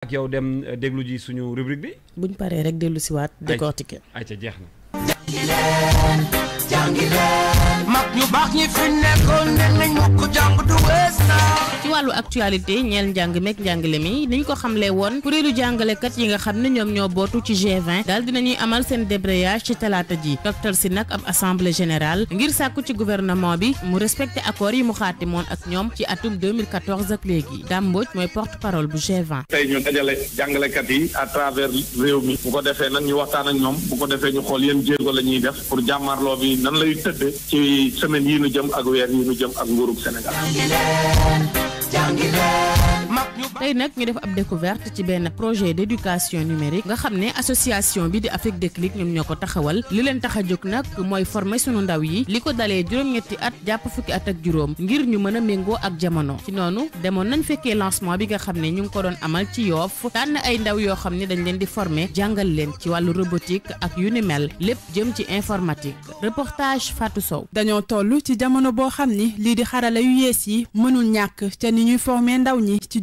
ak yow euh, déglu ji suñu rubrique bi. buñ paree rek dellu si jeex na. mag ñu baax ñi fi nekkoon ne nañ ma ko jàng du wees ci wàllu actualité ñeel njàng meek njàngale mi ni ñu ko xamlee woon kuréelu jàngalekat yi nga xam ne ñoom ñoo bootu ci G20 dal dinañuy amal seen débrayage ci talaata ji docteur si nag ab assemblée générale ngir sàkku ci gouvernement bi mu respecté accord yi mu xaatimoon ak ñoom ci atum 2014 ak léegi Dame Mbodj mooy porte parole bu G20. tey ñu dajale jàngalekat yi à travers réew mi bu ko defee nag ñu waxtaan ak ñoom bu ko defee ñu xool yéen jéego la ñuy def pour jàmmarloo bi nan lay tëdd ci semaine yi nu jëm ak weer yi nu jëm ak nguurug Sénégal. Don't Downey Land. tey nag ñu def ab découverte ci benn projet d' éducation numérique nga xam ne association bi di Afrique Déclic ñoom ñoo ko taxawal li leen tax a jóg nag mooy former sunu ndaw yi li ko dalee juróom-ñetti at jàpp fukki at ak juróom ngir ñu mën a méngoo ak jamono ci noonu demoon nañ fekkee lancement bi nga xam ne ñu ngi ko doon amal ci Yoff tànn ay ndaw yoo xam ne dañ leen di former jàngal leen ci wàllu robotique ak yu ni mel lépp jëm ci informatique reportage Fatou Sow. dañoo toll ci jamono boo xam ni lii di xarala yu yees yi mënul ñàkk te ni ñuy former ndaw ñi ci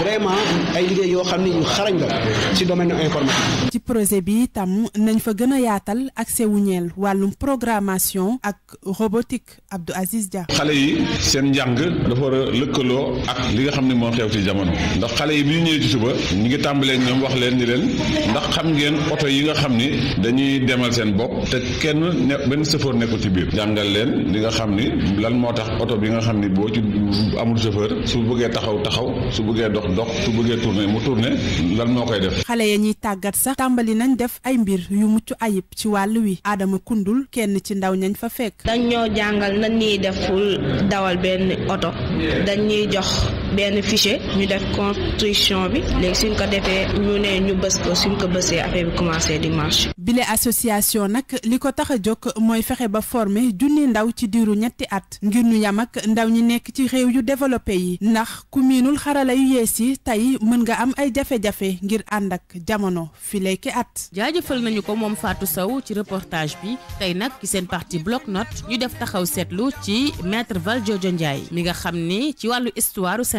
vraiment ay liggéey yoo xam ne ñu xarañ la ci domaine informatique. ci projet bi tam nañ fa gën a yaatal accès wu ñeel wàllum programmation ak robotique Abdou Aziz Dia. xale yi seen njàng dafa war a lëkkaloo ak li nga xam ne moo xew ci jamono ndax xale yi bi ñu ñëwee ci suba ñu ngi tàmbalee ak ñoom wax leen ni leen ndax xam ngeen oto yi nga xam ni dañuy demal seen bopp te kenn ne benn chauffeur nekkul ci biir jàngal leen li nga xam ni lan moo tax oto bi nga xam ni boo ci amul chauffeur su bëggee taxaw taxaw bëggee dox dox su bëggee tourner mu tourner lan moo koy def. xale ya ñuy tàggat sax tàmbali nañ def ay mbir yu mucc ayib ci wàll wi aadama Kundul kenn ci ndaw ñañ fa fekk. dañ ñoo jàngal nan ñuy def pour dawal benn oto dañ jox. benn fichier ñu def construction bi léegi suñ ko defee ñu ne ñu bës ko suñ ko bësee affaire bi commencé di marché. bile association nag li ko tax a jóg mooy fexe ba former junni ndaw ci diiru ñetti at ngir ñu yam ndaw ñi nekk ci réew yu développé yi ndax ku miinul xarala yu yees yi tey mën nga am ay jafe-jafe ngir ànd ak jamono fileeki at. jaajëfal nañu ko moom faatu Sow ci reportage bi tey nag ci seen parti block note ñu def taxaw seetlu ci maître Valdiodio Ndiaye mi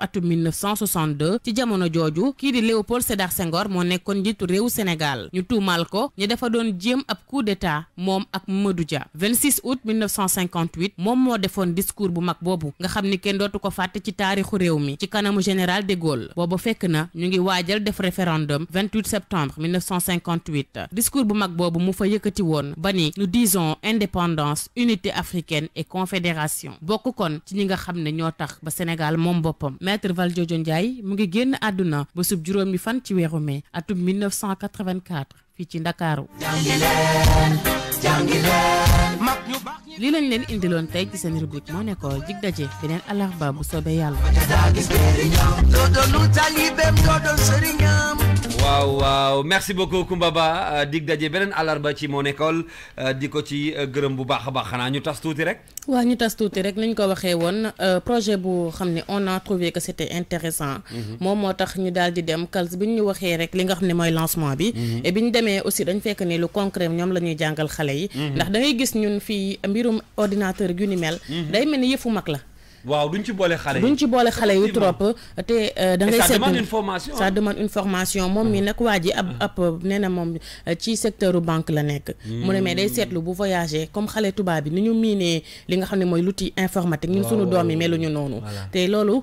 atum 1962 ci jamono joju ki di Léopold Sédar Senghor mo nekkoon jitu réewu Sénégal ñu tuumal ko ñu dafa doon jëm ab coup d'état mom ak Mamadou Dia 26 août 1958 Mom mo defoon discours bu mag bobu nga xamni ni kenn ko ci taarixu réew mi ci kanamu général de Gaulle bobu fekk na ñu ngi wajal def référendum 28 septembre 1958 discours bu mag bobu mu fa yëkëti won bani nous disons indépendance unité africaine et confédération bokku kon ci ñi nga xam tax ba Sénégal mom maître Valdiodio Ndiaye mu ngi génn àdduna ba sub juróomi fan ci weeru mai atum 1984 fii ci Ndakaaru jàngi leen jàngi leen lii lañ leen indiloon tey ci seen rubrique moo nekkoon jig daje beneen àllarba bu soobee yàlla. waaw waaw merci beaucoup Koumba Ba euh, dig daje beneen àllarba ci mon école euh, di ko ci euh, gërëm bu baax a baax xanaa ñu tas tuuti rek. waaw ñu tas tuuti rek ni ñu ko waxee woon projet bu xam ne on a trouvé que c' était intéressant mhm. moom moo tax ñu daal di dem kals bi ñu waxee rek li nga xam ne mooy lancement bi. Mhm. et bi ñu demee aussi dañ fekk ni lu concret ñoom la ñuy jàngal xale yi. Mhm. ndax ci mbirum ordinateur yu ni mel. Mhm. day mel ni yëfu mag la. waaw duñ ci boole xale duñ ci boole xale yu trop te euh, da ngay seet ça demande une moom mi mhm. nag waa ji ab mhm. ab nee na moom euh, ci secteur banque la nekk mu ne mais day seetlu bu voyager comme xale tubaab bi nu ñu miinee li nga xam ne mooy l'outil informatique ñun suñu doom yi meluñu noonu te loolu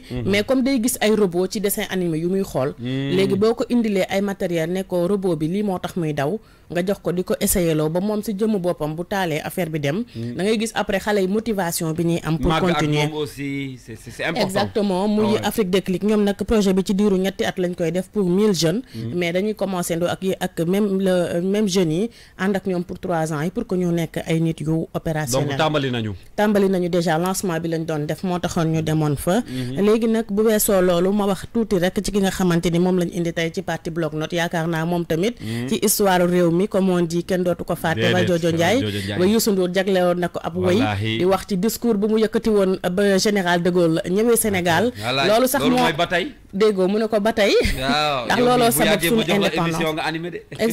bari mhm. mais comme day gis ay robot ci dessin animé yu muy xool mhm. léegi boo ko ay matériel né ko robot bi li motax tax muy daw nga jox ko diko essayer lo ba mom si jëmm bopam bu talé affaire bi dem mhm. da ngay gis après xalé motivation bi ñuy am pour continuer aussi c'est important exactement muy ah Afrique Déclic ñoom nag projet bi ci diru ñetti at lañ koy def pour 1000 jeunes mais dañuy commencer ndo ak ak même le même jeunes yi ànd ak ñoom pour 3 ans yi pour que ñu nek ay nit yu opérationnel donc tambali nañu tambali nañu déjà lancement bi lañ doon def mo taxone ñu demoon fa léegi nag bu weesoo loolu ma wax tuuti rek ci ki nga xamante ni moom lañ indi tey ci parti bloc note yaakaar naa moom tamit mm. ci histoire réew mi comme on dit kenn dootu ko fàtte ba Jojo Ndiaye ba Youssou Ndour jagle woon na ko ab wëy di wax ci discours bu mu yëkkati woon ba général de la ñëwee Sénégal loolu sax moo déggoo mu ne ko ba tey. waaw ndax looloo sabab la émission nga animé dé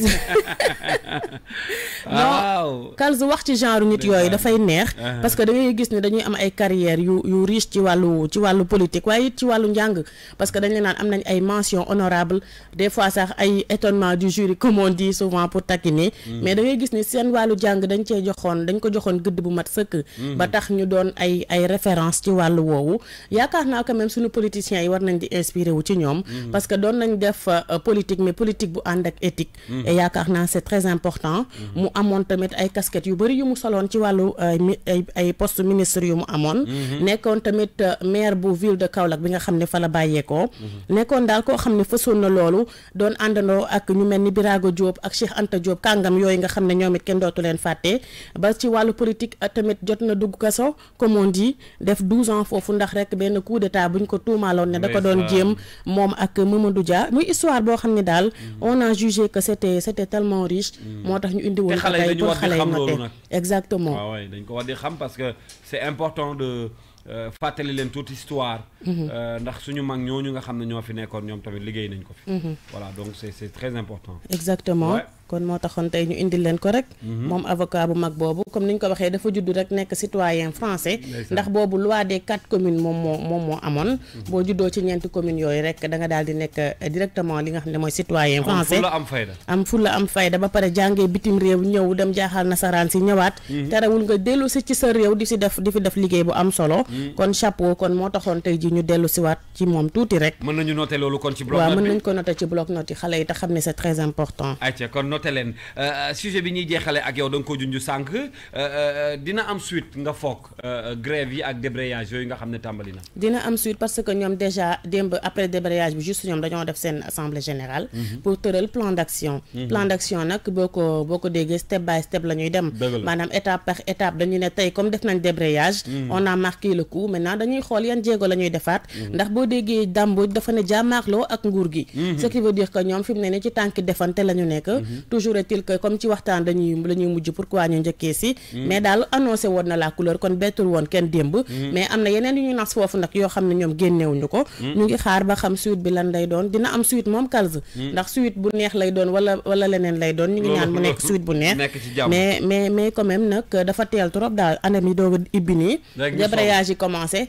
non Kalz wax ci genre nit yoy da fay neex. Uh-huh. parce que da ngay gis ni dañuy am ay carrière yu yu riche ci walu ci walu politique waye ci walu njàng. parce que dañ la naan am nañ ay mention honorable des fois sax ay étonnement du jury comme on dit souvent pour taquiner. Hmm. mais da ngay gis ni sen walu jang dañ cey joxone dañ ko joxone gëdd bu mat seuk hmm. ba tax ñu doon ay ay référence ci walu wowo yakarna quand même suñu politiciens yi war nañ di inspirer. inspiré ci ñoom mhm. parce que doon nañ def euh, politique mais politique bu ànd ak éthique mhm. et yaakaar naa c'est très important mhm. mu amoon tamit ay casquettes yu bëri yu mu soloon ci wàllu euh, ay ay poste ministre yu mu amoon nekkoon tamit euh, maire bu ville de Kaolack bi nga xam ne fa la bàyyeekoo nekkoon daal koo xam ne fësoon na loolu doon àndandoo ak ñu mel ni Birago Diop ak Cheikh Anta Diop kàngam yooyu nga xam ne ñoom it kenn dootu leen fàtte ba ci wàllu politique tamit jot na dugg kaso comme on def douze ans foofu ndax rek benn coup d'état buñ ko tuumaaloon da doon jéem mom ak Mamadou Dia muy histoire bo xamni dal mm-hmm. on a jugé que c'était c'était tellement riche mm-hmm. motax ñu indi woon ko tey pour exactement ah ouais dañ ko wadi xam parce que c'est important de euh, fàttali len toute histoire mm-hmm. euh, ndax suñu mag ñoo ñu nga xamni ñoo fi nekkoon ñom tamit liggéey nañ ko fi voilà donc c'est c'est très important exactement kon moo taxoon tey ñu indil leen ko rek mhm. moom avocat bu mag boobu comme ni ñu ko waxee dafa judd rek nekk citoyen français ndax boobu loi des quatre communes moom moo moom moo amoon mhm. boo juddoo ci ñeenti communes yooyu rek da nga daal di nekk eh, directement li nga xam ne mooy citoyen français am fulla am fayda ba pare jàngee bitim réew ñëw dem jaaxal nasaraan si ñëwaat mhm. terewul nga dellu si ci sa réew di si def di fi def liggéey bu am solo kon chapeau kon moo taxoon tey ji ñu dellu si waat ci moom tuuti rek ci bloc note waaw mën nañ ko noter ci bloc note yi doote leen euh, euh, sujet bi ñuy jéxalé ak yow da nga ko junj sànq euh, dina am suite nga foog grève yi ak débrayage yooyu nga xamné tambalina dina am suite parce que ñom déjà démb après débrayage bi juste ñom dañoo def sen assemblée générale. Mhm. pour teurel plan d'action. Mhm. plan d'action nak boko boko boo step by step la ñuy dem. manam étape par étape dañu né tay comme def nañ débrayage. Mhm. on a marqué le coup maintenant dañuy xol yeen djégo la ñuy defaat. ndax boo déggee dàmbooj dafa né jamarlo ak nguur gi. ce qui veut dire que ñom fi né ci tank defante la ñu nekk. toujours est-il que comme ci waxtaan dañuy la ñuy mujj pourquoi ñu njëkkee si mm. mais daal annoncé woon na la couleur kon bettul woon kenn démb mm. mais am na yeneen yu ñu nas foofu nag yoo xam ne ñoom génnewuñu ko mm. ñu ngi xaar ba xam suite bi lan lay doon dina am suite moom Kals ndax suite bu neex lay doon wala wala leneen lay doon ñu ngi ñaan mu nekk suite bu neex mais mais mais quand même nag dafa teel trop daal anam yi doog ibbi nii débrayage yi commencé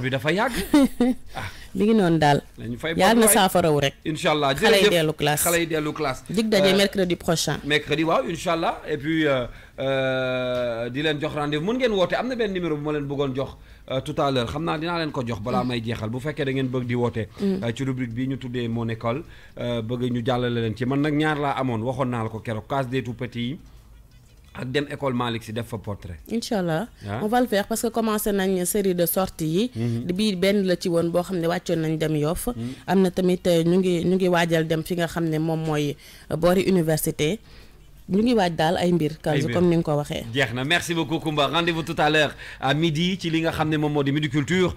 bi dafa yàgg. Ah. na rek. classe mercredi prochain. mercredi waaw incha et puis euh, euh, di leen jox rendez-vous mun ngeen woote am na numéro bu euh, tout à l'heure xam naa ko jox balaa mm. may jeexal bu fekkee da di woote. Mm. ci rubrique bi ñu tuddee mon école bëgg ñu jàllale leen ci man ñaar ko des tout petits ak dem école Malick si def fa portrait. inshallah ah. on va le faire parce que commencé nañ série de sorties yi. Mhm. bii ben la ci won bo xamné waccion nañ dem Yoff. Mhm. am na tamit euh, ñu ngi ñu ngi waajal dem fi nga xamné mom moy mooy euh, université. ñu ngi waaj daal ay mbir Kanzu comme ni nga ko merci beaucoup Coumba rendez-vous tout à l'heure à midi ci li nga xam ne moom midi culture